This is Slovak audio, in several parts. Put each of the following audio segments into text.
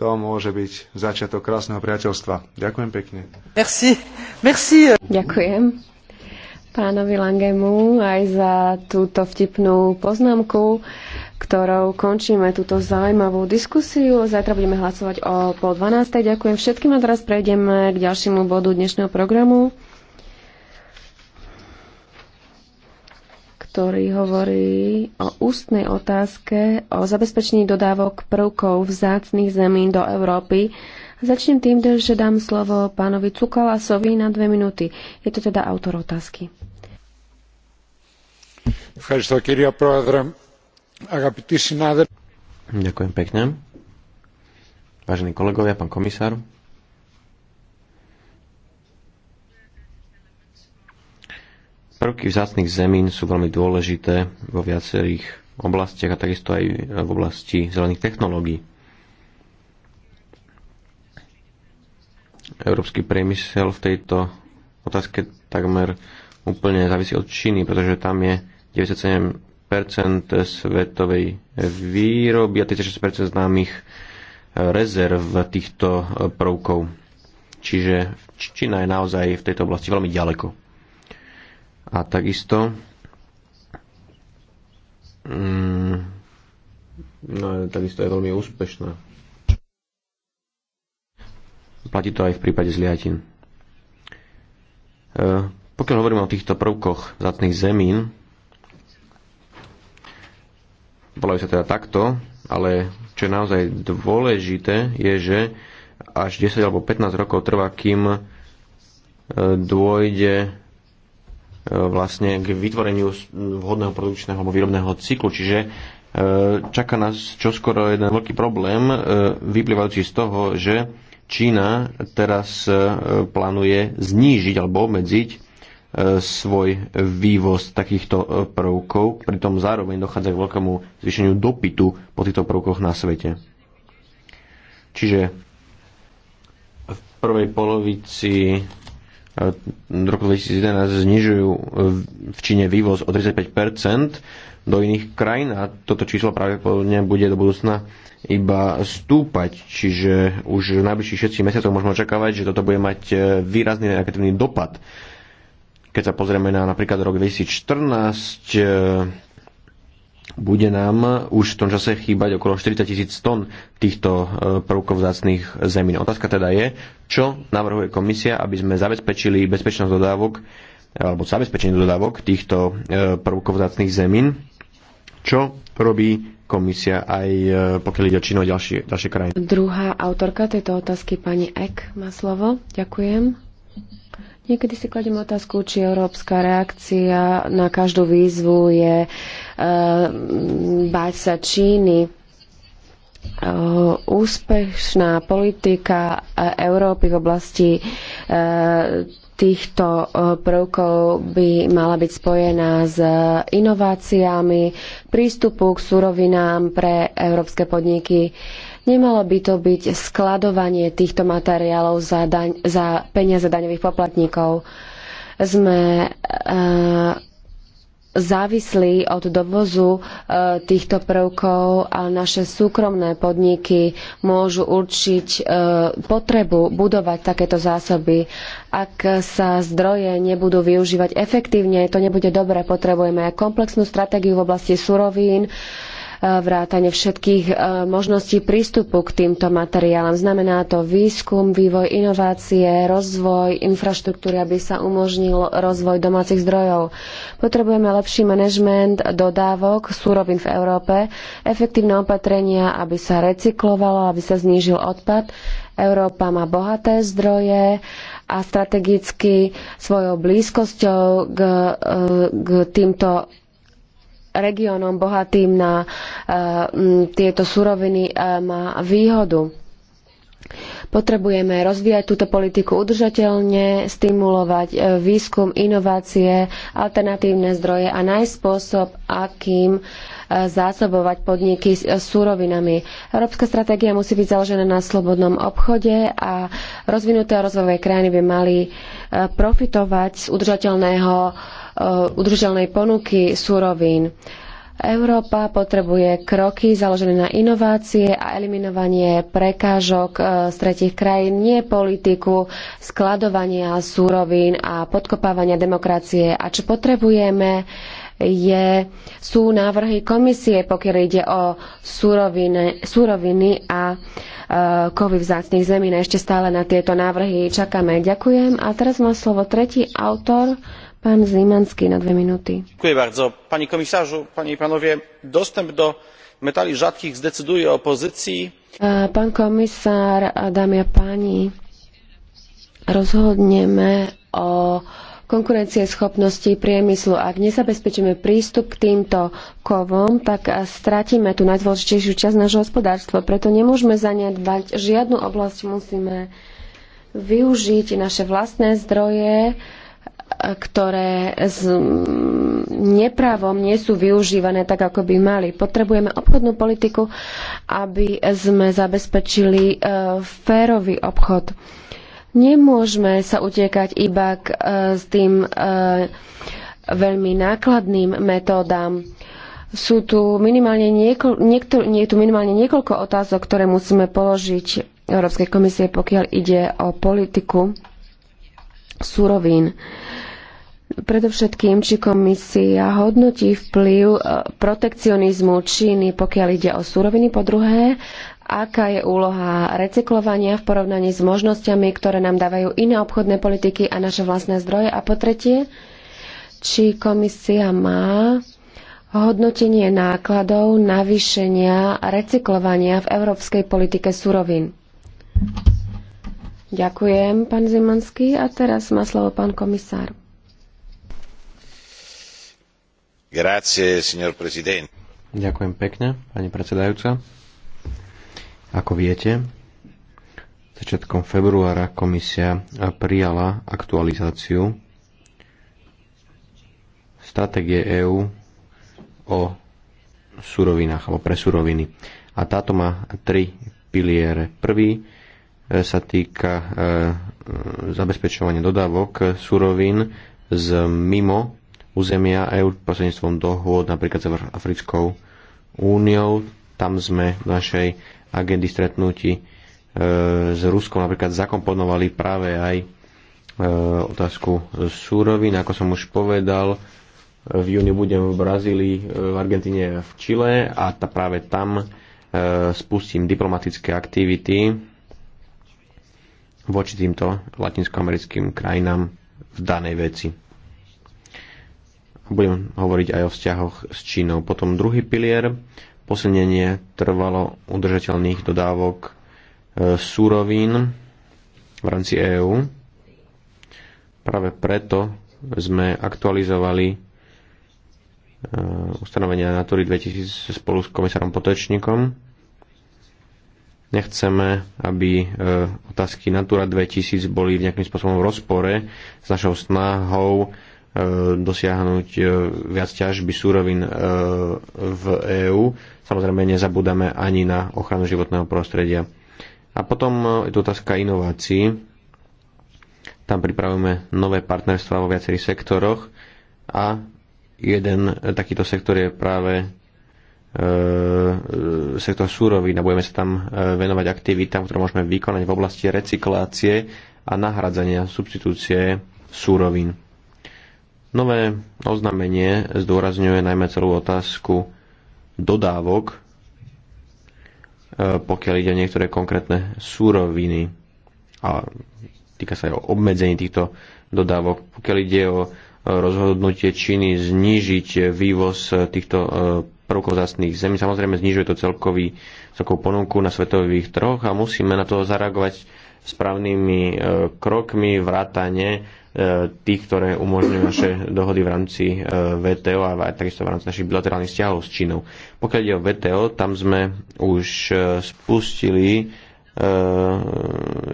To môže byť začiatok krásneho priateľstva. Ďakujem pekne. Merci. Merci. Euh. Ďakujem pánovi Langemu aj za túto vtipnú poznámku, ktorou končíme túto zaujímavú diskusiu. Zajtra budeme hlasovať o pol 12. Ďakujem všetkým a teraz prejdeme k ďalšiemu bodu dnešného programu. ktorý hovorí o ústnej otázke o zabezpečení dodávok prvkov vzácných zemín do Európy. Začnem tým, že dám slovo pánovi Cukalasovi na dve minúty. Je to teda autor otázky. Ďakujem pekne. Vážení kolegovia, pán komisár, Prvky vzácnych zemín sú veľmi dôležité vo viacerých oblastiach a takisto aj v oblasti zelených technológií. Európsky priemysel v tejto otázke takmer úplne závisí od Číny, pretože tam je 97% svetovej výroby a 36% známych rezerv týchto prvkov. Čiže Čína je naozaj v tejto oblasti veľmi ďaleko. A takisto mm, no, takisto je veľmi úspešná. Platí to aj v prípade zliatin. E, pokiaľ hovorím o týchto prvkoch zatných zemín, volajú sa teda takto, ale čo je naozaj dôležité, je, že až 10 alebo 15 rokov trvá, kým e, dôjde E, vlastne k vytvoreniu vhodného produkčného alebo výrobného cyklu. Čiže e, čaká nás čoskoro jeden veľký problém, e, vyplývajúci z toho, že Čína teraz plánuje znížiť alebo obmedziť svoj vývoz takýchto prvkov, pritom zároveň dochádza k veľkému zvýšeniu dopytu po týchto prvkoch na svete. Čiže v prvej polovici v roku 2011 znižujú eh, v Číne vývoz o 35 do iných krajín a toto číslo pravdepodobne bude do budúcna iba stúpať, čiže už v najbližších 6 mesiacoch môžeme očakávať, že toto bude mať eh, výrazný negatívny dopad. Keď sa pozrieme na napríklad rok 2014, bude nám už v tom čase chýbať okolo 40 tisíc tón týchto e, prvkov zemín. Otázka teda je, čo navrhuje komisia, aby sme zabezpečili bezpečnosť dodávok alebo zabezpečenie dodávok týchto e, prvkov zemín. Čo robí komisia aj e, pokiaľ ide o Čínu a ďalšie, ďalšie krajiny. Druhá autorka tejto otázky, pani Ek, má slovo. Ďakujem. Niekedy si kladím otázku, či európska reakcia na každú výzvu je uh, báť sa Číny. Uh, úspešná politika eh, Európy v oblasti uh, týchto prvkov by mala byť spojená s inováciami, prístupu k surovinám pre európske podniky Nemalo by to byť skladovanie týchto materiálov za, daň, za peniaze daňových poplatníkov. Sme uh, závislí od dovozu uh, týchto prvkov a naše súkromné podniky môžu určiť uh, potrebu budovať takéto zásoby. Ak sa zdroje nebudú využívať efektívne, to nebude dobré. Potrebujeme komplexnú stratégiu v oblasti surovín, vrátane všetkých e, možností prístupu k týmto materiálom. Znamená to výskum, vývoj inovácie, rozvoj infraštruktúry, aby sa umožnil rozvoj domácich zdrojov. Potrebujeme lepší manažment dodávok súrovín v Európe, efektívne opatrenia, aby sa recyklovalo, aby sa znížil odpad. Európa má bohaté zdroje a strategicky svojou blízkosťou k, e, k týmto regiónom bohatým na e, tieto suroviny e, má výhodu. Potrebujeme rozvíjať túto politiku udržateľne, stimulovať e, výskum, inovácie, alternatívne zdroje a nájsť spôsob, akým zásobovať podniky s súrovinami. Európska stratégia musí byť založená na slobodnom obchode a rozvinuté rozvojové krajiny by mali profitovať z udržateľného Eh, udržateľnej ponuky surovín. Európa potrebuje kroky založené na inovácie a eliminovanie prekážok eh, z tretich krajín, nie politiku skladovania súrovín a podkopávania demokracie. A čo potrebujeme, je, sú návrhy komisie, pokiaľ ide o súroviny, súroviny a e, kovy vzácných zemín. Ešte stále na tieto návrhy čakáme. Ďakujem. A teraz má slovo tretí autor. Pán Zimanský na dve minuty. Dziękuję bardzo. komisarzu, pani i panowie, dostęp do metali rzadkich zdecyduje o pozycji. Pán komisár, dámy a páni, rozhodneme o konkurencieschopnosti priemyslu. Ak nezabezpečíme prístup k týmto kovom, tak stratíme tú najdôležitejšiu časť nášho hospodárstva. Preto nemôžeme zanedbať žiadnu oblasť, musíme využiť naše vlastné zdroje, ktoré s nepravom nie sú využívané tak, ako by mali. Potrebujeme obchodnú politiku, aby sme zabezpečili e, férový obchod. Nemôžeme sa utiekať iba k e, s tým e, veľmi nákladným metódam. Sú tu minimálne niektor, nie je tu minimálne niekoľko otázok, ktoré musíme položiť Európskej komisie, pokiaľ ide o politiku surovín. Predovšetkým, či komisia hodnotí vplyv e, protekcionizmu Číny, pokiaľ ide o suroviny, po druhé, aká je úloha recyklovania v porovnaní s možnosťami, ktoré nám dávajú iné obchodné politiky a naše vlastné zdroje. A po tretie, či komisia má hodnotenie nákladov navýšenia recyklovania v európskej politike surovín. Ďakujem, pán Zimanský. A teraz má slovo pán komisár. Grazie, signor Presidente. Ďakujem pekne, pani predsedajúca. Ako viete, začiatkom februára komisia prijala aktualizáciu stratégie EÚ o surovinách alebo pre suroviny. A táto má tri piliere. Prvý E, sa týka e, e, zabezpečovania dodávok surovín z mimo územia EÚ prostredníctvom dohôd napríklad s Africkou úniou. Tam sme v našej agendy stretnutí s Ruskom napríklad zakomponovali práve aj otázku súrovín. Ako som už povedal, v júni budem v Brazílii, v Argentíne a v Čile a tá práve tam spustím diplomatické aktivity voči týmto latinskoamerickým krajinám v danej veci. Budem hovoriť aj o vzťahoch s Čínou. Potom druhý pilier, posilnenie trvalo udržateľných dodávok e, súrovín v rámci EÚ. Práve preto sme aktualizovali e, ustanovenia Natúry 2000 spolu s komisárom Potečníkom Nechceme, aby e, otázky Natura 2000 boli v nejakým spôsobom v rozpore s našou snahou e, dosiahnuť e, viac ťažby súrovín v EÚ. Samozrejme nezabúdame ani na ochranu životného prostredia. A potom je tu otázka inovácií. Tam pripravujeme nové partnerstva vo viacerých sektoroch a jeden takýto sektor je práve E, e, sektor súrovín a budeme sa tam e, venovať aktivitám, ktoré môžeme vykonať v oblasti recyklácie a nahradzania substitúcie súrovín. Nové oznámenie zdôrazňuje najmä celú otázku dodávok, pokiaľ ide o niektoré konkrétne súroviny a týka sa aj o obmedzení týchto dodávok. Pokiaľ ide o rozhodnutie Číny znížiť vývoz týchto prvkov zastných zemí. Samozrejme znižuje to celkový, celkovú ponuku na svetových troch a musíme na to zareagovať správnymi e, krokmi vrátane e, tých, ktoré umožňujú naše dohody v rámci e, VTO a aj takisto v rámci našich bilaterálnych vzťahov s Čínou. Pokiaľ ide o VTO, tam sme už e, spustili e,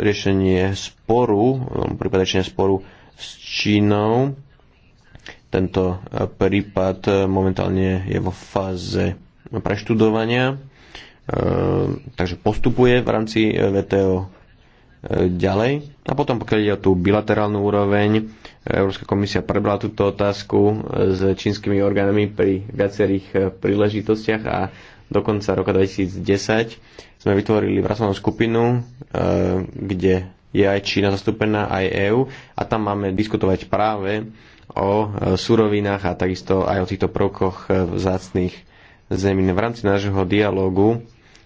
riešenie sporu, prípade riešenie sporu s Čínou tento e, prípad e, momentálne je vo fáze preštudovania, e, takže postupuje v rámci VTO ďalej. A potom, pokiaľ ide o tú bilaterálnu úroveň, Európska komisia prebrala túto otázku s čínskymi orgánmi pri viacerých príležitostiach a do konca roka 2010 sme vytvorili pracovnú skupinu, kde je aj Čína zastúpená, aj EÚ a tam máme diskutovať práve o e, surovinách a takisto aj o týchto prvkoch e, vzácných zemín. V rámci nášho dialogu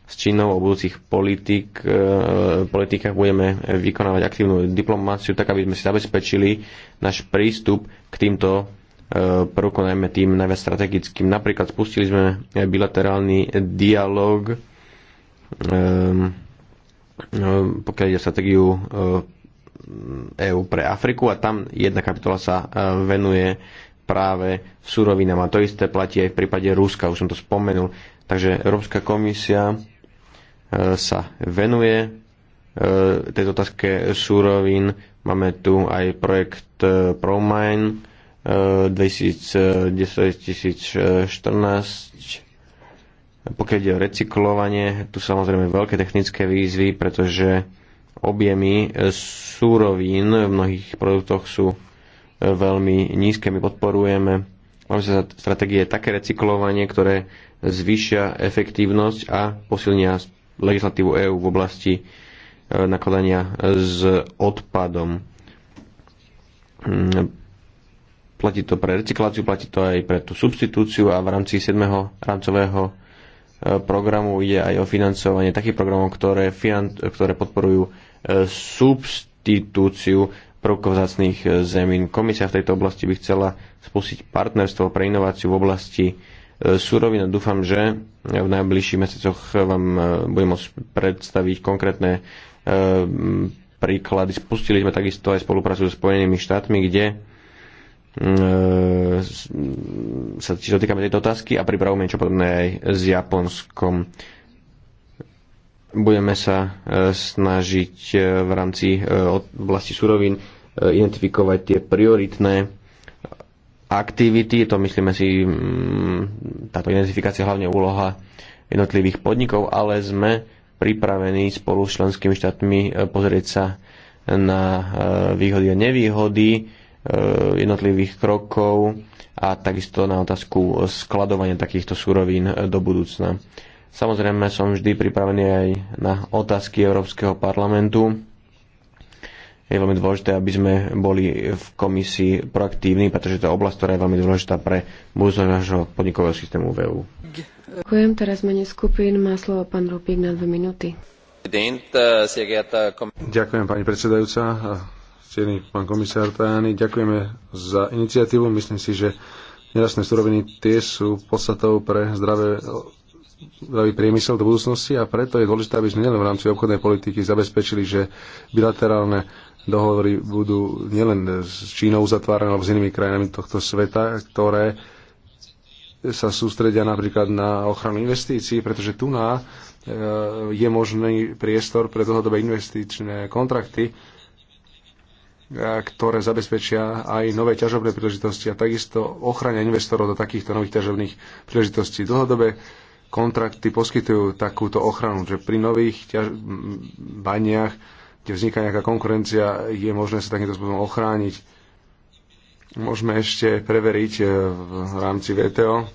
s Čínou o budúcich politik, e, politikách budeme vykonávať aktívnu diplomáciu, tak aby sme si zabezpečili náš prístup k týmto prvkom, najmä tým najviac strategickým. Napríklad spustili sme bilaterálny dialog pokiaľ ide o stratégiu EÚ pre Afriku a tam jedna kapitola sa e, venuje práve surovinám a to isté platí aj v prípade Ruska, už som to spomenul. Takže Európska komisia e, sa venuje e, tejto otázke súrovín. Máme tu aj projekt ProMine 2010-2014 pokiaľ ide o recyklovanie, tu samozrejme veľké technické výzvy, pretože objemy súrovín v mnohých produktoch sú e, veľmi nízke. My podporujeme máme sa stratégie také recyklovanie, ktoré zvyšia efektívnosť a posilnia legislatívu EÚ v oblasti e, nakladania s odpadom. Mm, platí to pre recykláciu, platí to aj pre tú substitúciu a v rámci 7. rámcového e, programu ide aj o financovanie takých programov, ktoré, finan- ktoré podporujú substitúciu prvkov zemín. Komisia v tejto oblasti by chcela spustiť partnerstvo pre inováciu v oblasti e, surovín. Dúfam, že v najbližších mesiacoch vám e, budem môcť predstaviť konkrétne e, príklady. Spustili sme takisto aj spoluprácu so Spojenými štátmi, kde sa tiež dotýkame tejto otázky a pripravujeme niečo podobné aj s Japonskom budeme sa e, snažiť e, v rámci e, oblasti surovín identifikovať tie prioritné aktivity, to myslíme si, táto identifikácia hlavne úloha jednotlivých podnikov, ale sme pripravení spolu s členskými štátmi pozrieť sa na výhody a nevýhody jednotlivých krokov a takisto na otázku skladovania takýchto surovín do budúcna. Samozrejme som vždy pripravený aj na otázky Európskeho parlamentu. Je veľmi dôležité, aby sme boli v komisii proaktívni, pretože to je oblasť, ktorá je veľmi dôležitá pre budúcnosť nášho podnikového systému Veu. Ďakujem. Teraz menej skupín má slovo pán Rupík na dve minúty. Ďakujem pani predsedajúca. Ciený pán komisár Tajani, ďakujeme za iniciatívu. Myslím si, že nerastné suroviny tie sú podstatou pre zdravé zdravý priemysel do budúcnosti a preto je dôležité, aby sme nielen v rámci obchodnej politiky zabezpečili, že bilaterálne dohovory budú nielen s Čínou uzatvárané, alebo s inými krajinami tohto sveta, ktoré sa sústredia napríklad na ochranu investícií, pretože tu na e, je možný priestor pre dlhodobé investičné kontrakty, e, ktoré zabezpečia aj nové ťažobné príležitosti a takisto ochrania investorov do takýchto nových ťažobných príležitostí. Dlhodobé kontrakty poskytujú takúto ochranu, že pri nových ťaž- baniach, kde vzniká nejaká konkurencia, je možné sa takýmto spôsobom ochrániť. Môžeme ešte preveriť e, v rámci VTO,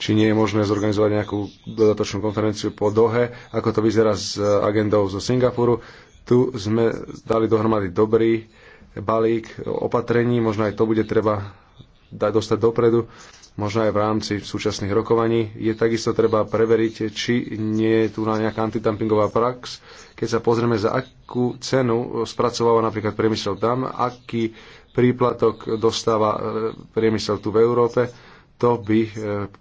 či nie je možné zorganizovať nejakú dodatočnú konferenciu po Dohe, ako to vyzerá s agendou zo Singapuru. Tu sme dali dohromady dobrý balík opatrení, možno aj to bude treba dať dostať dopredu možno aj v rámci súčasných rokovaní. Je takisto treba preveriť, či nie je tu na nejaká antidumpingová prax. Keď sa pozrieme, za akú cenu spracováva napríklad priemysel tam, aký príplatok dostáva e, priemysel tu v Európe, to by e,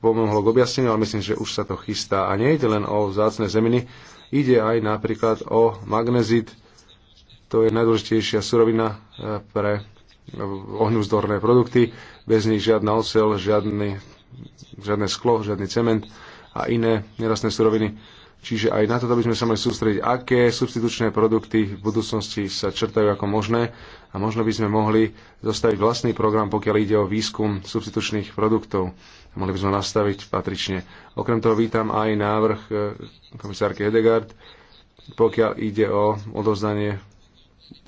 pomohlo k objasneniu, ale myslím, že už sa to chystá. A nie ide len o vzácne zeminy, ide aj napríklad o magnezit, to je najdôležitejšia surovina e, pre ohňuzdorné produkty, bez nich žiadna oceľ, žiadny, žiadne sklo, žiadny cement a iné nerastné suroviny. Čiže aj na to by sme sa mali sústrediť, aké substitučné produkty v budúcnosti sa črtajú ako možné a možno by sme mohli zostaviť vlastný program, pokiaľ ide o výskum substitučných produktov. A mohli by sme nastaviť patrične. Okrem toho vítam aj návrh eh, komisárky Hedegard, pokiaľ ide o odovzdanie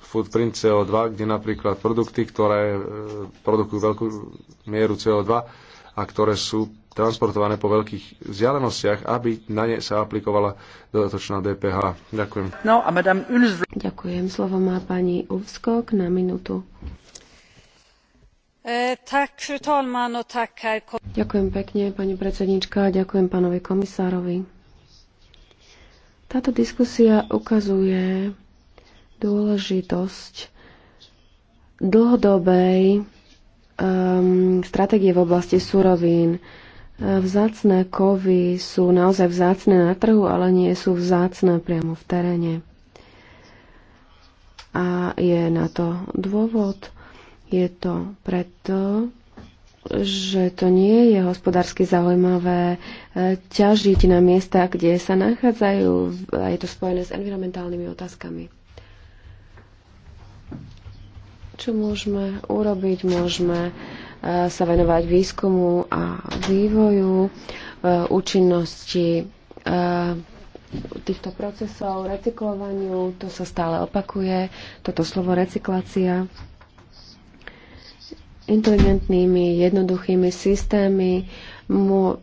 footprint CO2, kde napríklad produkty, ktoré e, produkujú veľkú mieru CO2 a ktoré sú transportované po veľkých vzdialenostiach, aby na ne sa aplikovala dodatočná DPH. Ďakujem. No a madame Ďakujem. Slovo má pani Uvskok na minútu. E, ďakujem pekne, pani predsednička, ďakujem pánovi komisárovi. Táto diskusia ukazuje, dôležitosť dlhodobej um, stratégie v oblasti surovín. Uh, vzácne kovy sú naozaj vzácne na trhu, ale nie sú vzácne priamo v teréne. A je na to dôvod. Je to preto, že to nie je hospodársky zaujímavé eh, ťažiť na miesta, kde sa nachádzajú a je to spojené s environmentálnymi otázkami. Čo môžeme urobiť? Môžeme e, sa venovať výskumu a vývoju, e, účinnosti e, týchto procesov, recyklovaniu, to sa stále opakuje, toto slovo recyklácia. Inteligentnými, jednoduchými systémy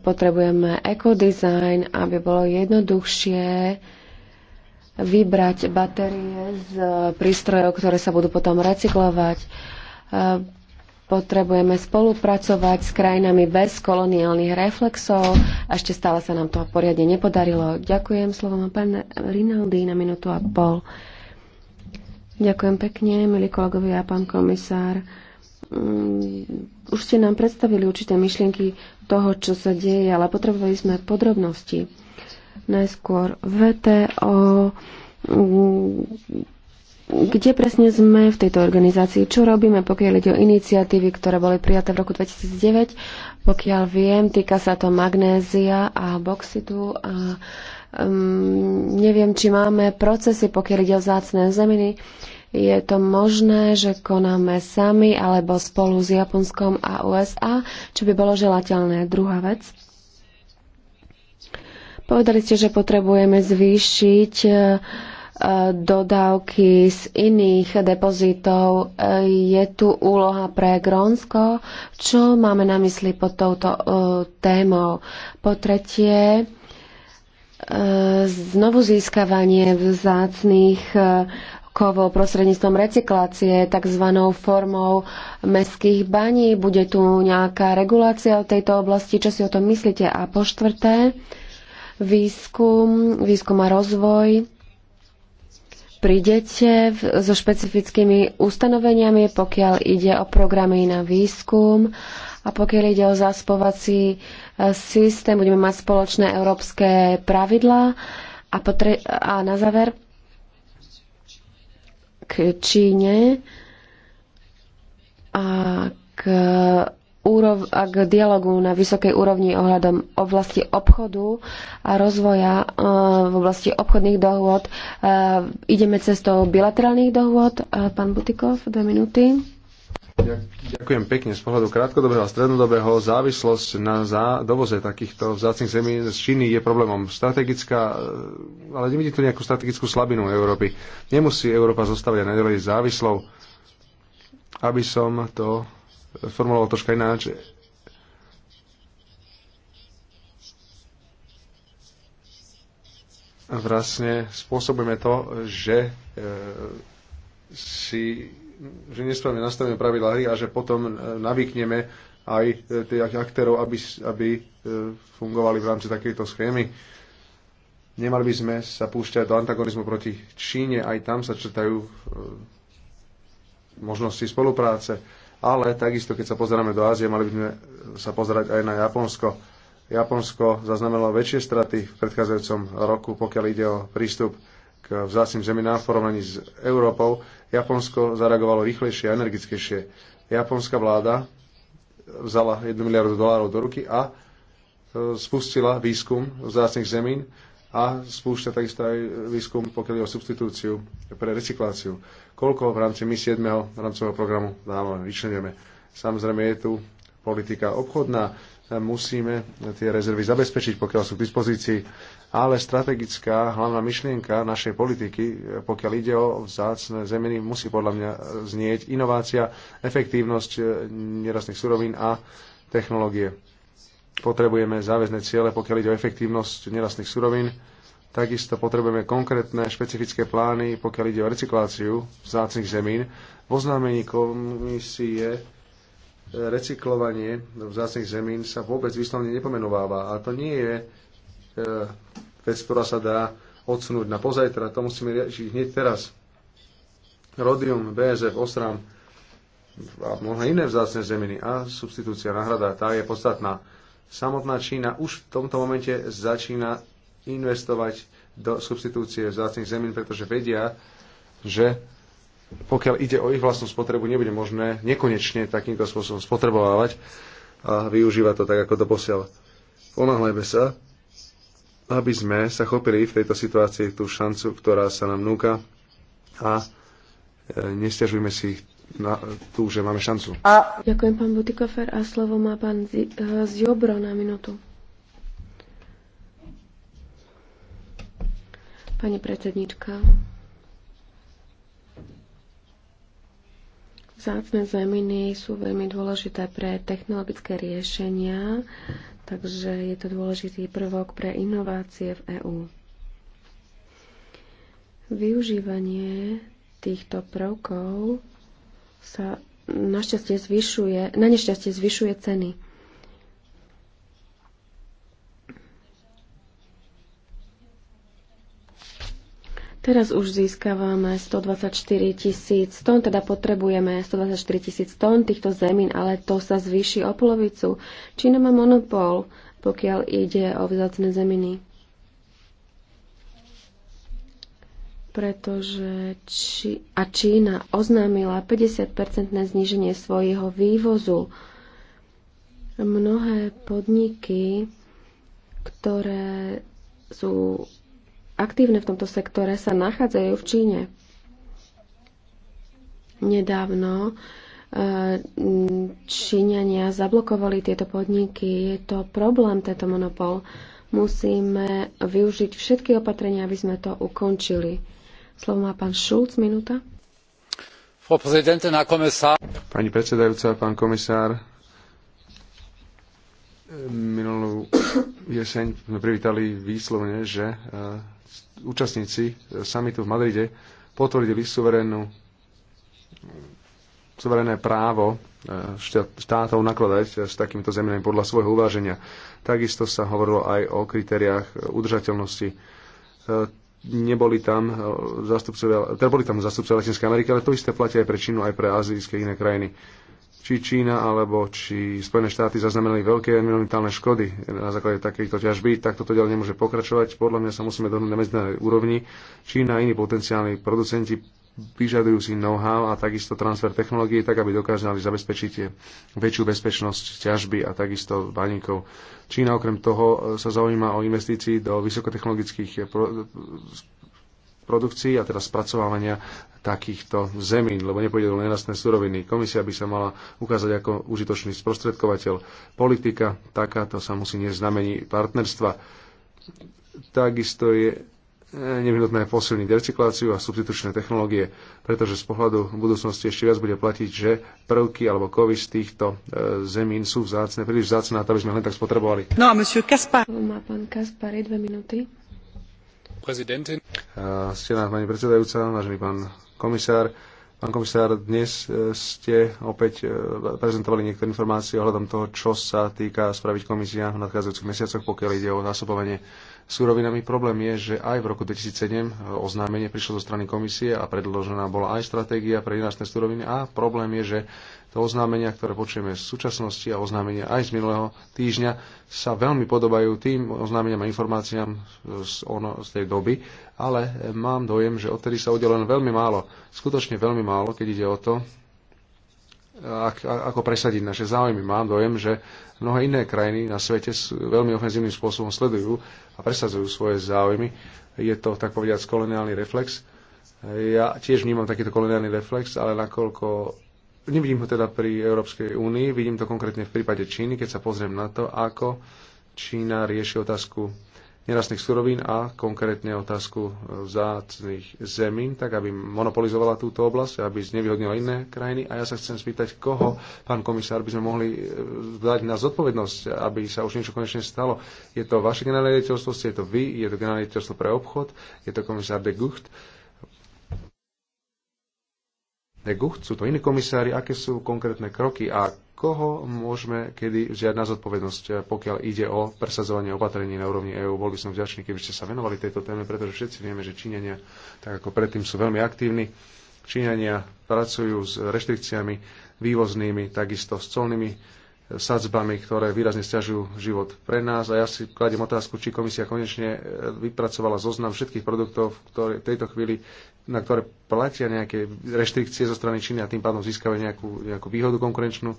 potrebujeme ekodizajn, aby bolo jednoduchšie vybrať batérie z prístrojov, ktoré sa budú potom recyklovať. E, potrebujeme spolupracovať s krajinami bez koloniálnych reflexov. Ešte stále sa nám to poriadne nepodarilo. Ďakujem slovom pán Rinaldi na minútu a pol. Ďakujem pekne, milí kolegovia a pán komisár mm, už ste nám predstavili určité myšlienky toho, čo sa deje, ale potrebovali sme podrobnosti najskôr VTO, kde presne sme v tejto organizácii, čo robíme, pokiaľ ide o iniciatívy, ktoré boli prijaté v roku 2009, pokiaľ viem, týka sa to magnézia a boxitu a um, neviem, či máme procesy, pokiaľ ide o zácne zeminy. Je to možné, že konáme sami alebo spolu s Japonskom a USA, čo by bolo želateľné. Druhá vec Povedali ste, že potrebujeme zvýšiť e, e, dodávky z iných depozitov. E, je tu úloha pre Grónsko? Čo máme na mysli pod touto témou? Po tretie, znovu získavanie vzácných kovov prostredníctvom recyklácie, tzv. formou mestských baní. Bude tu nejaká regulácia v tejto oblasti? Čo si o tom myslíte? A po štvrté, výskum, výskum a rozvoj pri so špecifickými ustanoveniami, pokiaľ ide o programy na výskum a pokiaľ ide o zaspovací e, systém, budeme mať spoločné európske pravidla A, potre- a na záver k Číne a k úrov, a k dialogu na vysokej úrovni ohľadom oblasti obchodu a rozvoja e, v oblasti obchodných dohôd. E, ideme cestou bilaterálnych dohôd. E, pán Butikov, dve minúty. Ďakujem pekne. Z pohľadu krátkodobého a strednodobého závislosť na zá, dovoze takýchto vzácných zemí z Číny je problémom strategická, ale nevidím tu nejakú strategickú slabinu Európy. Nemusí Európa zostávať aj naďalej závislou. Aby som to formuloval troška ináč. Vlastne spôsobujeme to, že e, si že nesprávne nastavíme pravidlá hry a že potom e, navykneme aj e, tých aktérov, aby, aby fungovali v rámci takejto schémy. Nemali by sme sa púšťať do antagonizmu proti Číne, aj tam sa črtajú možnosti spolupráce ale takisto, keď sa pozeráme do Ázie, mali by sme sa pozerať aj na Japonsko. Japonsko zaznamenalo väčšie straty v predchádzajúcom roku, pokiaľ ide o prístup k vzácným zeminám v porovnaní s Európou. Japonsko zareagovalo rýchlejšie a energickejšie. Japonská vláda vzala 1 miliardu dolárov do ruky a e, spustila výskum vzácných zemín a spúšťa takisto aj výskum, pokiaľ je o substitúciu pre recykláciu. Koľko v rámci my 7. rámcového programu dávame, vyčlenieme. Samozrejme je tu politika obchodná, musíme tie rezervy zabezpečiť, pokiaľ sú k dispozícii, ale strategická hlavná myšlienka našej politiky, pokiaľ ide o vzácne zeminy, musí podľa mňa znieť inovácia, efektívnosť nerastných surovín a technológie. Potrebujeme záväzné ciele, pokiaľ ide o efektívnosť nerastných surovín. Takisto potrebujeme konkrétne špecifické plány, pokiaľ ide o recykláciu vzácnych zemín. V oznámení komisie e, recyklovanie vzácnych zemín sa vôbec výslovne nepomenováva. A to nie je e, vec, ktorá sa dá odsunúť na pozajtra. To musíme riešiť hneď teraz. Rodium, BSF, Osram a mnohé iné vzácne zeminy a substitúcia, náhrada, tá je podstatná Samotná Čína už v tomto momente začína investovať do substitúcie vzácných zemín, pretože vedia, že pokiaľ ide o ich vlastnú spotrebu, nebude možné nekonečne takýmto spôsobom spotrebovávať a využívať to tak, ako to posiaľ. Ponáhľajme sa, aby sme sa chopili v tejto situácii tú šancu, ktorá sa nám núka a e, nestiažujme si na tú, že máme šancu. A... Ďakujem, pán Butikofer. A slovo má pán eh, Ziobro na minútu. Pani predsednička, Zácne zeminy sú veľmi dôležité pre technologické riešenia, takže je to dôležitý prvok pre inovácie v EÚ. Využívanie týchto prvkov sa našťastie zvyšuje, na nešťastie zvyšuje ceny. Teraz už získavame 124 tisíc tón, teda potrebujeme 124 tisíc tón týchto zemín, ale to sa zvýši o polovicu. Čína má monopol, pokiaľ ide o vzácne zeminy. pretože Či- a Čína oznámila 50-percentné zníženie svojho vývozu. Mnohé podniky, ktoré sú aktívne v tomto sektore, sa nachádzajú v Číne. Nedávno eh, Číňania zablokovali tieto podniky. Je to problém, tento monopol. Musíme využiť všetky opatrenia, aby sme to ukončili. Pani predsedajúca, pán komisár, minulú jeseň sme privítali výslovne, že eh, účastníci eh, samitu v Madride potvrdili suverénnu, suverénne právo eh, štátov nakladať s takýmito zemiami podľa svojho uváženia. Takisto sa hovorilo aj o kritériách udržateľnosti neboli tam eh, zastupcovia, teda boli tam zastupcovia Latinskej Ameriky, ale to isté platia aj pre Čínu, aj pre azijské iné krajiny. Či Čína alebo či Spojené štáty zaznamenali veľké environmentálne škody na základe takýchto ťažby, tak toto ďalej nemôže pokračovať. Podľa mňa sa musíme dohnúť na medzinárodnej úrovni. Čína a iní potenciálni producenti vyžadujú si know-how a takisto transfer technológií, tak aby dokázali zabezpečiť väčšiu bezpečnosť ťažby a takisto baníkov. Čína okrem toho e, sa zaujíma o investícii do vysokotechnologických e, e, produkcií a teda spracovávania takýchto zemín, lebo nepôjde len nerastné suroviny. Komisia by sa mala ukázať ako užitočný sprostredkovateľ. Politika takáto sa musí neznamení partnerstva. Takisto je nevyhnutné posilniť recykláciu a substitučné technológie, pretože z pohľadu budúcnosti ešte viac bude platiť, že prvky alebo kovy z týchto e, zemín sú vzácne, príliš vzácne, aby sme len tak spotrebovali. No a monsieur Kaspar. Má pán Kaspar, dve minúty. Prezidentin. Stená pani predsedajúca, vážený pán komisár, Pán komisár, dnes e, ste opäť e, prezentovali niektoré informácie ohľadom toho, čo sa týka spraviť komisia v nadchádzajúcich mesiacoch, pokiaľ ide o zásobovanie súrovinami. Problém je, že aj v roku 2007 e, oznámenie prišlo zo strany komisie a predložená bola aj stratégia pre ináčné súroviny a problém je, že to oznámenia, ktoré počujeme v súčasnosti a oznámenia aj z minulého týždňa sa veľmi podobajú tým oznámeniam a informáciám z, ono, z tej doby, ale e, mám dojem, že odtedy sa udialo len veľmi málo, skutočne veľmi málo, keď ide o to, ako presadiť naše záujmy. Mám dojem, že mnohé iné krajiny na svete veľmi ofenzívnym spôsobom sledujú a presadzujú svoje záujmy. Je to, tak povediať, koloniálny reflex. Ja tiež vnímam takýto koloniálny reflex, ale nakoľko nevidím ho teda pri Európskej únii, vidím to konkrétne v prípade Číny, keď sa pozriem na to, ako Čína rieši otázku nerastných surovín a konkrétne otázku e, vzácných zemín, tak aby monopolizovala túto oblasť, aby znevýhodnila iné krajiny. A ja sa chcem spýtať, koho, pán komisár, by sme mohli e, dať na zodpovednosť, aby sa už niečo konečne stalo. Je to vaše generálne riaditeľstvo, to vy, je to generálne riaditeľstvo pre obchod, je to komisár de Gucht Gucht, sú to iní komisári, aké sú konkrétne kroky a koho môžeme kedy žiadať na zodpovednosť, eh, pokiaľ ide o presadzovanie opatrení na úrovni EÚ. Bol by som vďačný, keby ste sa venovali tejto téme, pretože všetci vieme, že Číňania, tak ako predtým, sú veľmi aktívni. Číňania pracujú s reštrikciami vývoznými, takisto s colnými eh, sadzbami, ktoré výrazne stiažujú život pre nás. A ja si kladiem otázku, či komisia konečne eh, vypracovala zoznam všetkých produktov, ktoré v tejto chvíli na ktoré platia nejaké reštrikcie zo strany Číny a tým pádom získajú nejakú, nejakú výhodu konkurenčnú,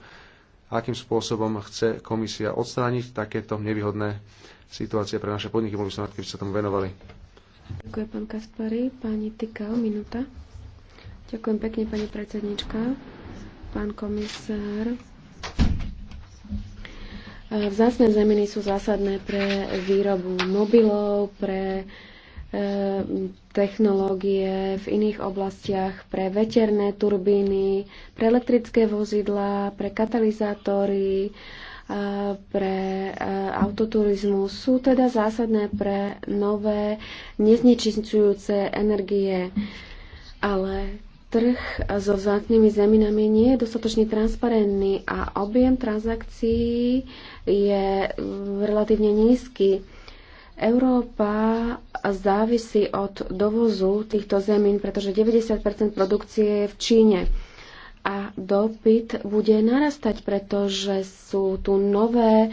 akým spôsobom chce komisia odstrániť takéto nevýhodné situácie pre naše podniky. Boli by som rád, keby sa tomu venovali. Ďakujem, pán Kaspari. Pani Tykal, minúta. Ďakujem pekne, pani predsednička. Pán komisár. Vzácne zeminy sú zásadné pre výrobu mobilov, pre uh, Ehm, technológie v iných oblastiach pre veterné turbíny, pre elektrické vozidla, pre katalizátory, pre autoturizmu sú teda zásadné pre nové neznečistujúce energie. Ale trh so vzácnými zeminami nie je dostatočne transparentný a objem transakcií je mm, relatívne nízky. Európa závisí od dovozu týchto zemín, pretože 90 produkcie je v Číne. A dopyt bude narastať, pretože sú tu nové e,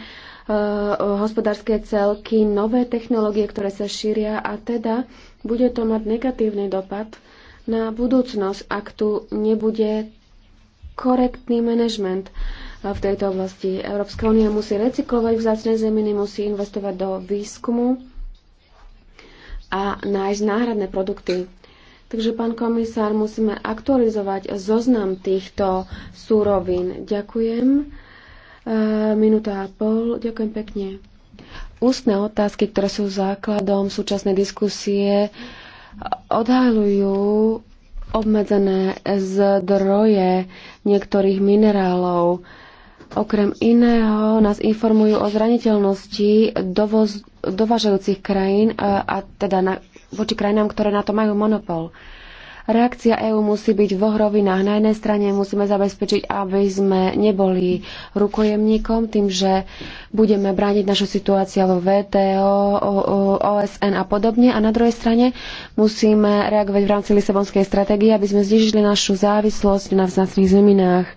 hospodárske celky, nové technológie, ktoré sa šíria a teda bude to mať negatívny dopad na budúcnosť, ak tu nebude korektný manažment. E, v tejto oblasti. Európska únia musí recyklovať vzácne zeminy, musí investovať do výskumu a nájsť náhradné produkty. Takže, pán komisár, musíme aktualizovať zoznam týchto súrovín. Ďakujem. E, minúta a pol. Ďakujem pekne. Ústne otázky, ktoré sú základom súčasnej diskusie, odhaľujú obmedzené zdroje niektorých minerálov. Okrem iného nás informujú o zraniteľnosti dovoz, dovažujúcich krajín a, e, a teda na, voči krajinám, ktoré na to majú monopol. Reakcia EÚ musí byť vo hrovinách. Na jednej strane musíme zabezpečiť, aby sme neboli rukojemníkom tým, že budeme brániť našu situáciu vo VTO, OSN a podobne. A na druhej strane musíme reagovať v rámci Lisabonskej stratégie, aby sme znižili našu závislosť na vzácných zeminách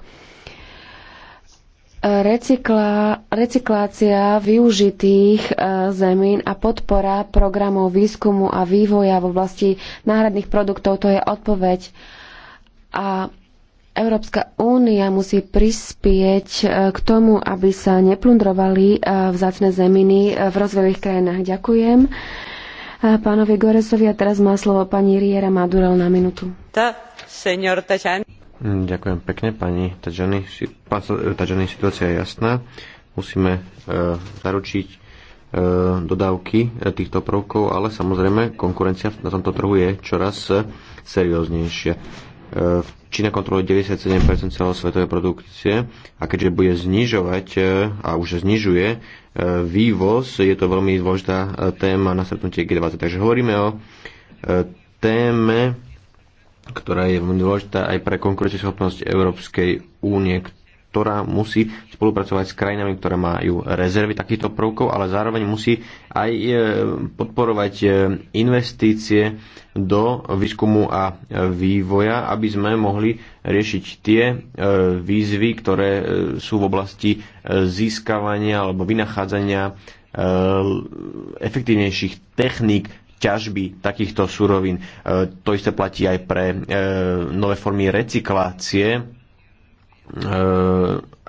Recyklá, recyklácia využitých e, zemín a podpora programov výskumu a vývoja v oblasti náhradných produktov, to je odpoveď. A Európska únia musí prispieť e, k tomu, aby sa neplundrovali e, vzácne zeminy v rozvojových krajinách. Ďakujem. Pánovi Goresovi a teraz má slovo pani Riera Madurel na minútu. Ďakujem pekne, pani Tadžany. Eh, Tadžany situácia je jasná. Musíme e, zaručiť e, dodávky týchto prvkov, ale samozrejme konkurencia na tomto trhu je čoraz serióznejšia. E, Čína kontroluje 97% celého svetovej produkcie a keďže bude znižovať e, a už znižuje e, vývoz, je to veľmi dôležitá téma na stretnutie G20. Takže hovoríme o e, téme ktorá je veľmi dôležitá aj pre konkurenceschopnosť Európskej únie, ktorá musí spolupracovať s krajinami, ktoré majú rezervy takýchto prvkov, ale zároveň musí aj e, podporovať e, investície do výskumu a vývoja, aby sme mohli riešiť tie e, výzvy, ktoré sú v oblasti získavania alebo vynachádzania efektívnejších techník ťažby takýchto surovín. E, to isté platí aj pre e, nové formy recyklácie e,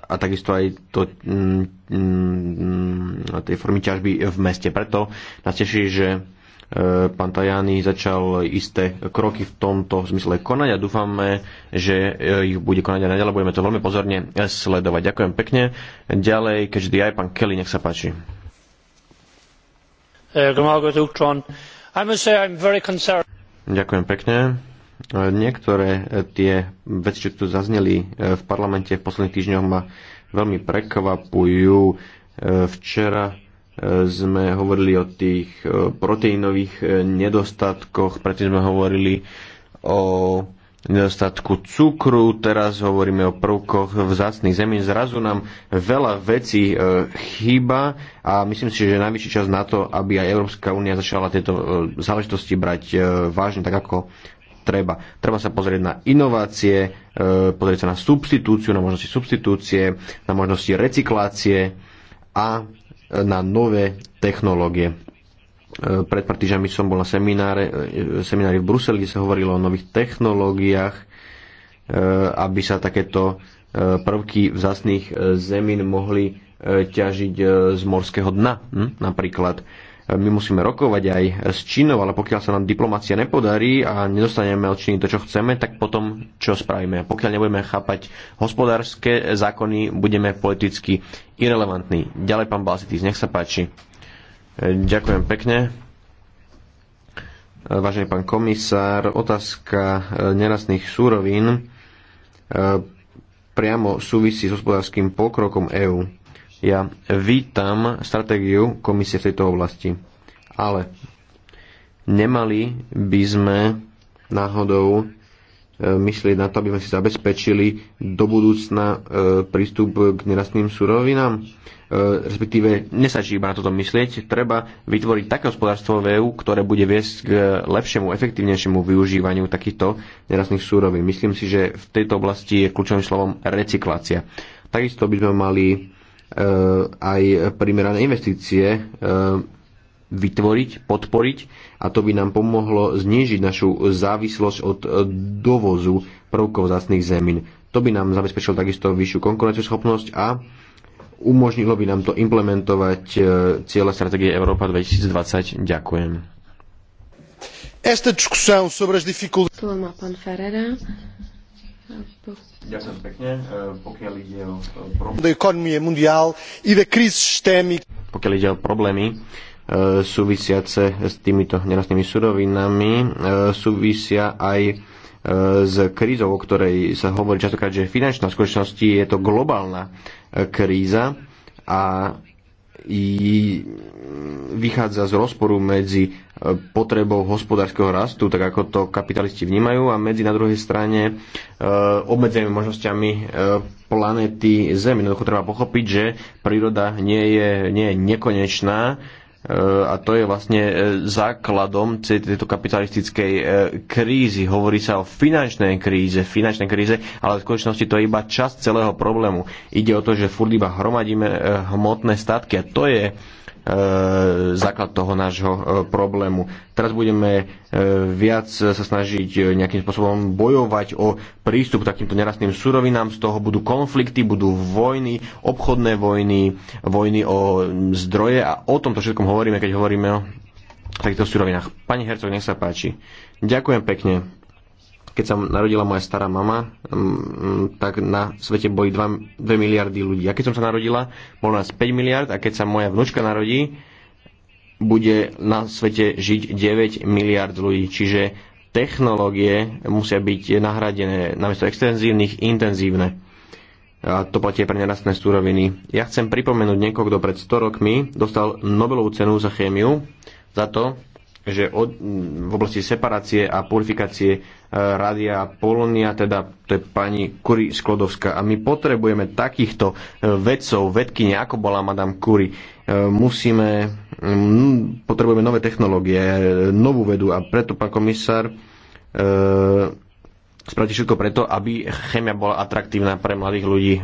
a takisto aj to, mm, mm, tej formy ťažby v meste. Preto nás teší, že pán Tajani začal isté kroky v tomto zmysle konať a dúfame, že ich bude konať aj naďalej. Budeme to veľmi pozorne sledovať. Ďakujem pekne. Ďalej, keďže aj pán Kelly, nech sa páči. Ďakujem pekne. Niektoré tie veci, čo tu zazneli eh, v parlamente v posledných týždňoch, ma veľmi prekvapujú. Eh, včera eh, sme hovorili o tých proteínových nedostatkoch, predtým sme hovorili o nedostatku cukru, teraz hovoríme o prvkoch vzácných zemín. Zrazu nám veľa vecí e, chýba a myslím si, že je najvyšší čas na to, aby aj Európska únia začala tieto e, záležitosti brať e, vážne, tak ako treba. Treba sa pozrieť na inovácie, e, pozrieť sa na substitúciu, na možnosti substitúcie, na možnosti recyklácie a na nové technológie. E, pred pár týždňami som bol na semináre, e, seminári v Bruseli, kde sa hovorilo o nových technológiách, e, aby sa takéto prvky vzasných zemín mohli ťažiť z morského dna hm? napríklad. My musíme rokovať aj s Čínou, ale pokiaľ sa nám diplomácia nepodarí a nedostaneme od Číny to, čo chceme, tak potom čo spravíme? Pokiaľ nebudeme chápať hospodárske zákony, budeme politicky irrelevantní. Ďalej, pán Balsitis, nech sa páči. Ďakujem pekne. Vážený pán komisár, otázka eh, nerastných súrovín eh, priamo súvisí s hospodárským pokrokom EÚ. Ja vítam stratégiu komisie v tejto oblasti, ale nemali by sme náhodou eh, myslieť na to, aby sme si zabezpečili do budúcna prístup k nerastným surovinám. E, respektíve nesačí iba na toto myslieť, treba vytvoriť také hospodárstvo v EU, ktoré bude viesť k lepšiemu, efektívnejšiemu využívaniu takýchto nerastných súrovín. Myslím si, že v tejto oblasti je kľúčovým slovom recyklácia. Takisto by sme mali e, aj primerané investície e, vytvoriť, podporiť a to by nám pomohlo znížiť našu závislosť od dovozu prvkov zácných zemín. To by nám zabezpečilo takisto vyššiu konkurencieschopnosť a umožnilo by nám to implementovať e, cieľa stratégie Európa 2020. Ďakujem. Esta discussão sobre as dificuldades... Slovo má pán Ferreira. Ďakujem pekne. E, pokiaľ ide o, e, Pokiaľ ide o problémy, súvisiace s týmito nerastnými surovinami, súvisia aj s krízou, o ktorej sa hovorí častokrát, že finančná skutočnosti je to globálna e, kríza a vychádza z rozporu medzi e, potrebou hospodárskeho rastu, tak ako to kapitalisti vnímajú, a medzi na druhej strane e, obmedzenými možnosťami planéty Zem. Jednoducho treba pochopiť, že príroda nie je, nie je nekonečná, E, a to je vlastne e, základom tejto kapitalistickej e, krízy. Hovorí sa o finančnej kríze, finančnej kríze, ale v skutočnosti to je iba časť celého problému. Ide o to, že furt iba hromadíme hmotné statky a to je E, základ toho nášho e, problému. Teraz budeme e, viac sa snažiť nejakým spôsobom bojovať o prístup k takýmto nerastným surovinám. Z toho budú konflikty, budú vojny, obchodné vojny, vojny o zdroje a o tomto všetkom hovoríme, keď hovoríme o takýchto surovinách. Pani Hercog, nech sa páči. Ďakujem pekne keď sa narodila moja stará mama, mm, mm, tak na svete boli 2, 2 miliardy ľudí. A keď som sa narodila, bolo nás 5 miliard a keď sa moja vnúčka narodí, bude na svete žiť 9 miliard ľudí. Čiže technológie musia byť nahradené namiesto extenzívnych intenzívne. A to platí pre nerastné súroviny. Ja chcem pripomenúť niekoho, kto pred 100 rokmi dostal Nobelovú cenu za chémiu za to, že od, v oblasti separácie a purifikácie e, Radia Polonia, teda to je pani Kuri Sklodovská. A my potrebujeme takýchto e, vedcov, vedkyne, ako bola Madame Curie. E, musíme, potrebujeme nové technológie, novú vedu a preto, pán komisár, spravíte všetko preto, aby chemia bola atraktívna pre mladých ľudí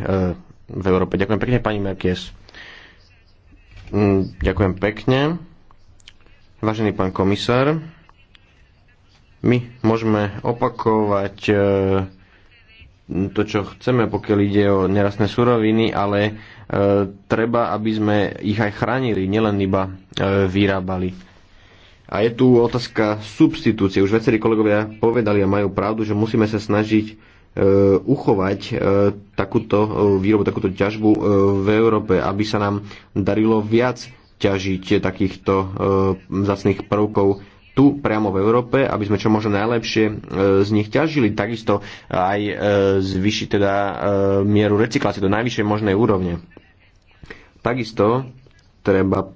v Európe. Ďakujem pekne, pani Merkies. Mm, ďakujem pekne. Vážený pán komisár, my môžeme opakovať e, to, čo chceme, pokiaľ ide o nerastné suroviny, ale e, treba, aby sme ich aj chránili, nielen iba e, vyrábali. A je tu otázka substitúcie. Už viacerí kolegovia povedali a majú pravdu, že musíme sa snažiť uchovať takúto výrobu, takúto ťažbu v Európe, aby sa nám darilo viac ťažiť takýchto e, vzácných prvkov tu priamo v Európe, aby sme čo možno najlepšie e, z nich ťažili, takisto aj e, zvyšiť teda mieru recyklácie do najvyššej možnej úrovne. Takisto treba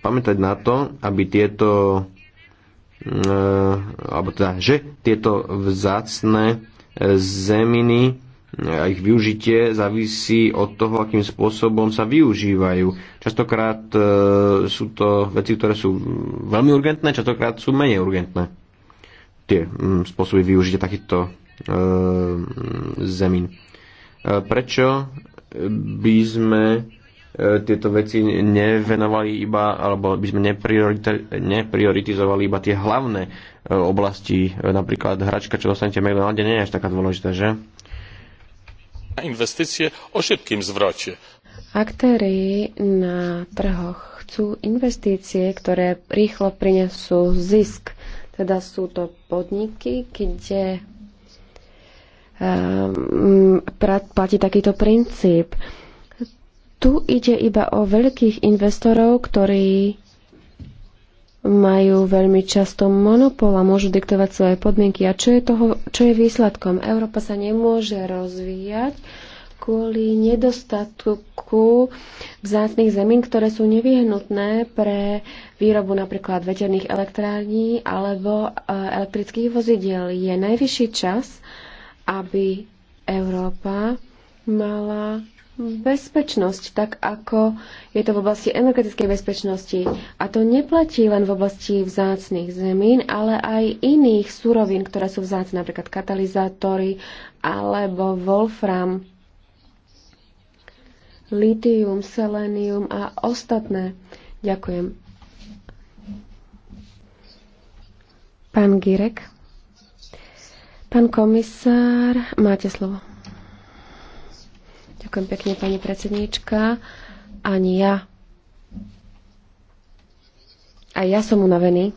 pamätať na to, aby tieto alebo teda, že tieto vzácne zeminy a ich využitie závisí od toho, akým spôsobom sa využívajú. Častokrát e, sú to veci, ktoré sú veľmi urgentné, častokrát sú menej urgentné. Tie m, mm, spôsoby využitia takýchto e, zemín. E, prečo by sme e, tieto veci nevenovali iba, alebo by sme neprioritizovali iba tie hlavné e, oblasti, e, napríklad hračka, čo dostanete mail nie je až taká dôležitá, že? investície o šybkým zvrote. Aktéry na trhoch chcú investície, ktoré rýchlo prinesú zisk. Teda sú to podniky, kde um, platí takýto princíp. Tu ide iba o veľkých investorov, ktorí majú veľmi často monopol a môžu diktovať svoje podmienky. A čo je, toho, čo je výsledkom? Európa sa nemôže rozvíjať kvôli nedostatku vzácných zemín, ktoré sú nevyhnutné pre výrobu napríklad veterných elektrární alebo e, elektrických vozidiel. Je najvyšší čas, aby Európa mala bezpečnosť, tak ako je to v oblasti energetickej bezpečnosti. A to neplatí len v oblasti vzácných zemín, ale aj iných surovín, ktoré sú vzácne, napríklad katalizátory alebo wolfram, litium, selenium a ostatné. Ďakujem. Pán Girek. Pán komisár, máte slovo. Ďakujem pekne, pani predsedníčka. Ani ja. A ja som unavený.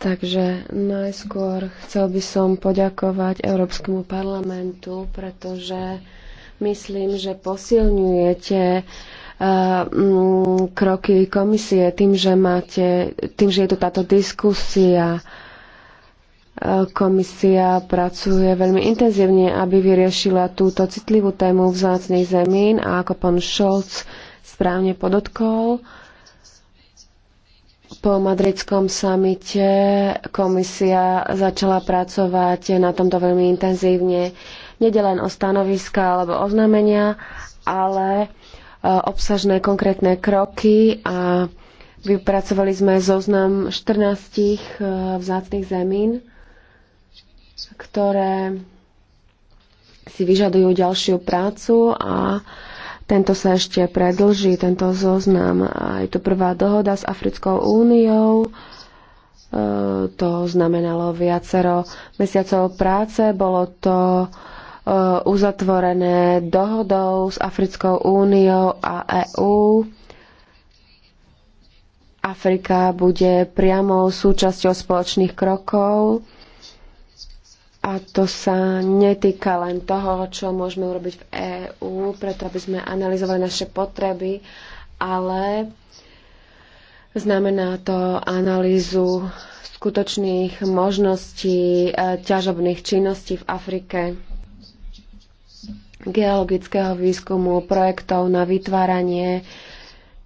Takže najskôr chcel by som poďakovať Európskemu parlamentu, pretože myslím, že posilňujete eh, mm, kroky komisie tým, že máte, tým, že je tu táto diskusia Komisia pracuje veľmi intenzívne, aby vyriešila túto citlivú tému vzácných zemín a ako pán Scholz správne podotkol, po madridskom samite komisia začala pracovať na tomto veľmi intenzívne. Nede len o stanoviska alebo oznámenia, ale e, obsažné konkrétne kroky a vypracovali sme zoznam 14 e, vzácných zemín, ktoré si vyžadujú ďalšiu prácu a tento sa ešte predlží, tento zoznam. je to prvá dohoda s Africkou úniou. E, to znamenalo viacero mesiacov práce. Bolo to e, uzatvorené dohodou s Africkou úniou a EÚ. Afrika bude priamou súčasťou spoločných krokov a to sa netýka len toho, čo môžeme urobiť v EÚ, preto aby sme analyzovali naše potreby, ale znamená to analýzu skutočných možností e, ťažobných činností v Afrike, geologického výskumu, projektov na vytváranie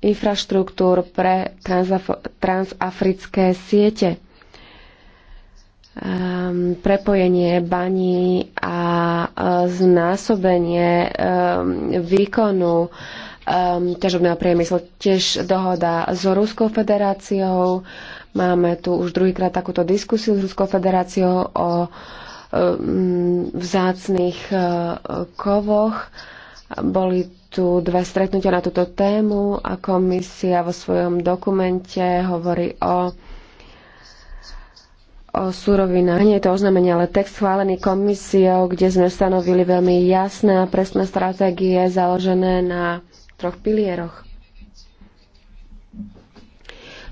infraštruktúr pre transafrické siete um, prepojenie baní a uh, znásobenie um, výkonu um, ťažobného priemyslu. Tiež dohoda s Ruskou federáciou. Máme tu už druhýkrát takúto diskusiu s Ruskou federáciou o um, vzácných uh, kovoch. Boli tu dve stretnutia na túto tému a komisia vo svojom dokumente hovorí o o surovinách. Nie je to oznámenie, ale text schválený komisiou, kde sme stanovili veľmi jasné a presné stratégie založené na troch pilieroch.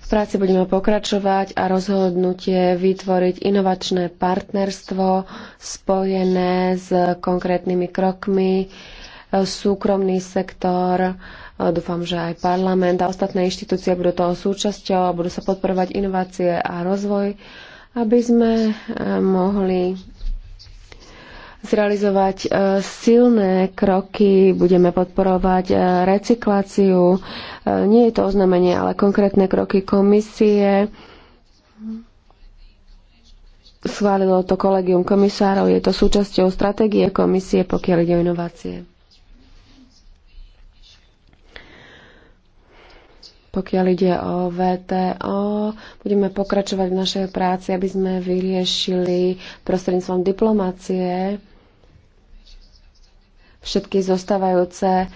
V práci budeme pokračovať a rozhodnutie vytvoriť inovačné partnerstvo spojené s konkrétnymi krokmi, súkromný sektor, dúfam, že aj parlament a ostatné inštitúcie budú toho súčasťou a budú sa podporovať inovácie a rozvoj aby sme e, mohli zrealizovať e, silné kroky, budeme podporovať e, recykláciu. Nie je to oznámenie, ale konkrétne kroky komisie. Schválilo to kolegium komisárov, je to súčasťou stratégie komisie, pokiaľ ide o inovácie. Pokiaľ ide o VTO, budeme pokračovať v našej práci, aby sme vyriešili prostredníctvom diplomácie všetky zostávajúce e,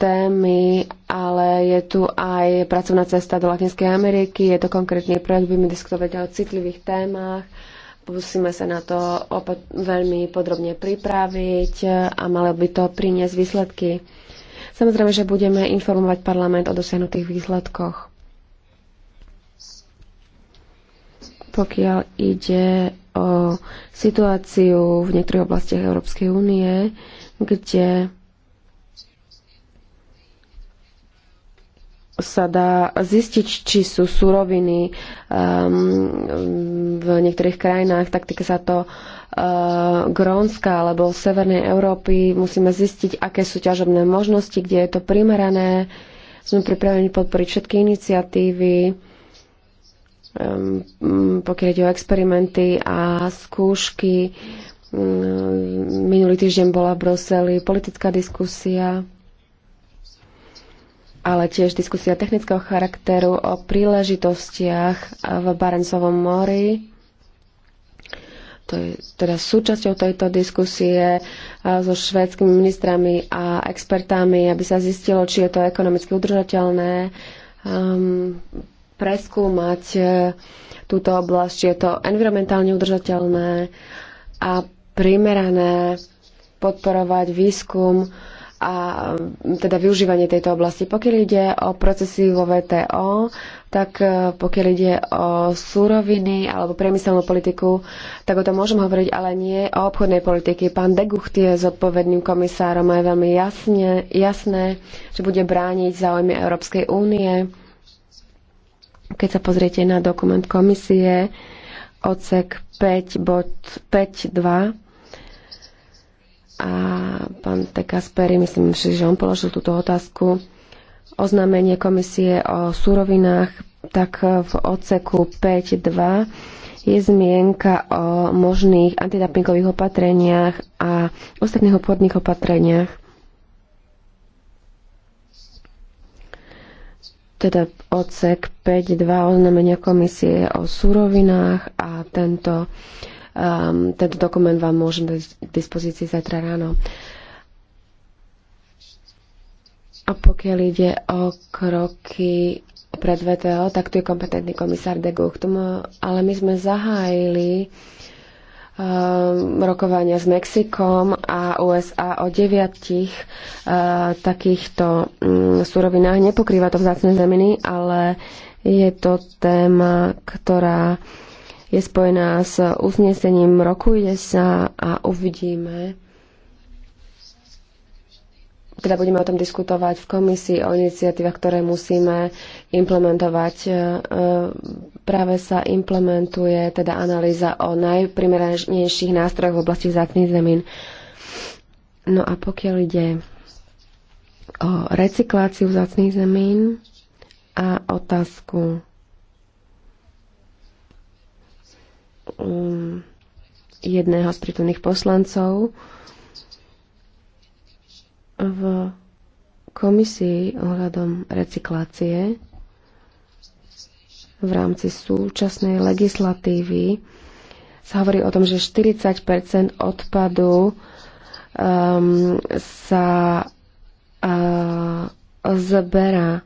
témy, ale je tu aj pracovná cesta do Latinskej Ameriky, je to konkrétny projekt, budeme diskutovať o citlivých témach, musíme sa na to opäť veľmi podrobne pripraviť e, a malo by to priniesť výsledky. Samozrejme, že budeme informovať parlament o dosiahnutých výsledkoch. Pokiaľ ide o situáciu v niektorých oblastiach Európskej únie, kde sa dá zistiť, či sú suroviny um, v niektorých krajinách, tak týka sa to uh, Eh, Grónska alebo Severnej Európy. Musíme zistiť, aké sú ťažobné možnosti, kde je to primerané. Sme pripravení podporiť všetky iniciatívy, pokiaľ ide o experimenty a skúšky. Mm, minulý týždeň bola v Bruseli politická diskusia ale tiež diskusia technického charakteru o príležitostiach v Barencovom mori to je teda súčasťou tejto diskusie so švédskými ministrami a expertami, aby sa zistilo, či je to ekonomicky udržateľné, um, preskúmať e, túto oblasť, či je to environmentálne udržateľné a primerané podporovať výskum uh, a teda využívanie tejto oblasti. Pokiaľ ide o procesy vo VTO, tak e, pokiaľ ide o súroviny alebo priemyselnú politiku, tak o tom môžem hovoriť, ale nie o obchodnej politiky. Pán Degucht je zodpovedným komisárom a je veľmi jasne, jasné, že bude brániť záujmy Európskej únie. Keď sa pozriete na dokument komisie, odsek 2 a pán T. Kasperi, myslím si, že on položil túto otázku, oznámenie komisie o surovinách, tak v odseku 5.2 je zmienka o možných antidumpingových opatreniach a ostatných obchodných opatreniach. Teda odsek 5.2 oznámenia komisie o surovinách a tento uh, Um, tento dokument vám môžem dať k dispozícii zajtra ráno. A pokiaľ ide o kroky pred VTO, tak tu je kompetentný komisár de Gucht. Ale my sme zahájili um, rokovania s Mexikom a USA o deviatich uh, takýchto um, surovinách. Nepokrýva to vzácne zeminy, ale je to téma, ktorá je spojená s uznesením roku sa a uvidíme, teda budeme o tom diskutovať v komisii o iniciatívach, ktoré musíme implementovať. E, e, práve sa implementuje teda analýza o najprimeranejších nástrojoch v oblasti vzácných zemín. No a pokiaľ ide o recykláciu vzácných zemín a otázku um, jedného z prítomných poslancov v komisii ohľadom recyklácie v rámci súčasnej legislatívy sa hovorí o tom, že 40 odpadu um, sa uh, zberá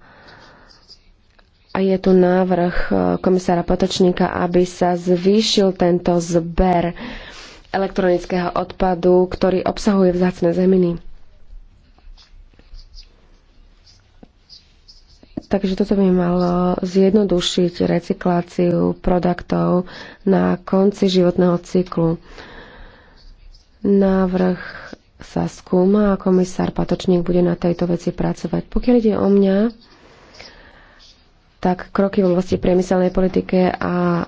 a je tu návrh e, komisára Potočníka, aby sa zvýšil tento zber elektronického odpadu, ktorý obsahuje vzácne zeminy. Takže toto by malo zjednodušiť recykláciu produktov na konci životného cyklu. Návrh sa skúma a komisár Patočník bude na tejto veci pracovať. Pokiaľ ide o mňa, tak kroky v oblasti priemyselnej politike a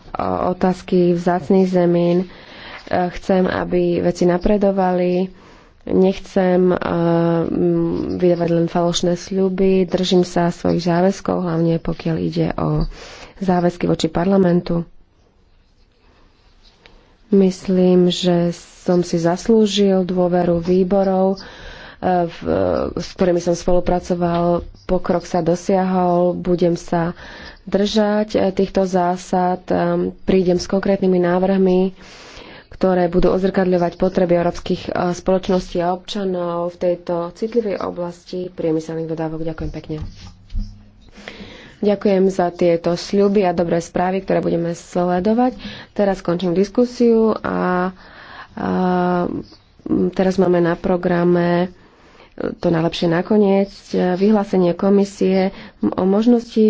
otázky vzácných zemín. E, chcem, aby veci napredovali, nechcem e, vydávať len falošné sľuby, držím sa svojich záväzkov, hlavne pokiaľ ide o záväzky voči parlamentu. Myslím, že som si zaslúžil dôveru výborov, v, s ktorými som spolupracoval. Pokrok sa dosiahol, budem sa držať eh, týchto zásad, ehm, prídem s konkrétnymi návrhmi, ktoré budú ozrkadľovať potreby európskych eh, spoločností a občanov v tejto citlivej oblasti priemyselných dodávok. Ďakujem pekne. Ďakujem za tieto sľuby a dobré správy, ktoré budeme sledovať. Teraz končím diskusiu a, a teraz máme na programe to najlepšie nakoniec, vyhlásenie komisie o možnosti